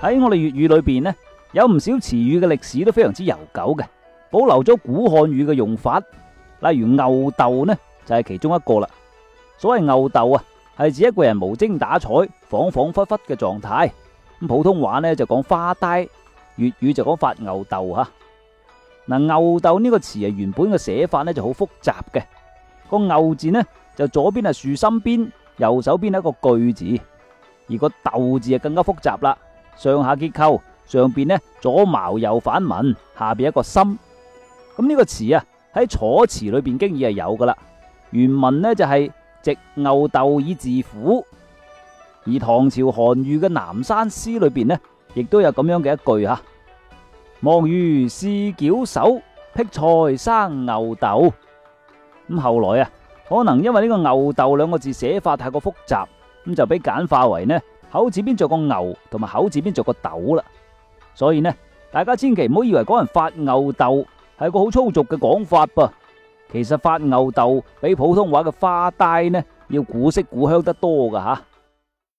喺我哋粵語裏邊咧，有唔少詞語嘅歷史都非常之悠久嘅，保留咗古漢語嘅用法。例如吽哣呢，就係、是、其中一個啦。所謂吽哣啊，係指一個人無精打采、恍恍惚惚嘅狀態。咁普通話呢，就講發呆，粵語就講發吽哣吓。嗱、啊，吽哣呢個詞啊，原本嘅寫法呢就好複雜嘅。個吽字呢，就左邊係樹心邊，右手邊係一個句字，而個哣字啊更加複雜啦。上下結構，上邊呢左矛右反文，下邊一個心。咁、嗯、呢、這個詞啊喺《楚辭》裏邊經已係有噶啦。原文呢就係、是“直怐愗以自苦”，而唐朝韓愈嘅《南山詩》裏邊呢，亦都有咁樣嘅一句吓、啊：“茫如試矯首，堛塞生怐愗。嗯”咁後來啊，可能因為呢個怐愗兩個字寫法太過複雜，咁就俾簡化為呢？口字邊做個牛，同埋口字邊做個豆啦，所以呢，大家千祈唔好以為講人發吽哣係個好粗俗嘅講法噃，其實發吽哣比普通話嘅發呆呢要古色古香得多噶吓。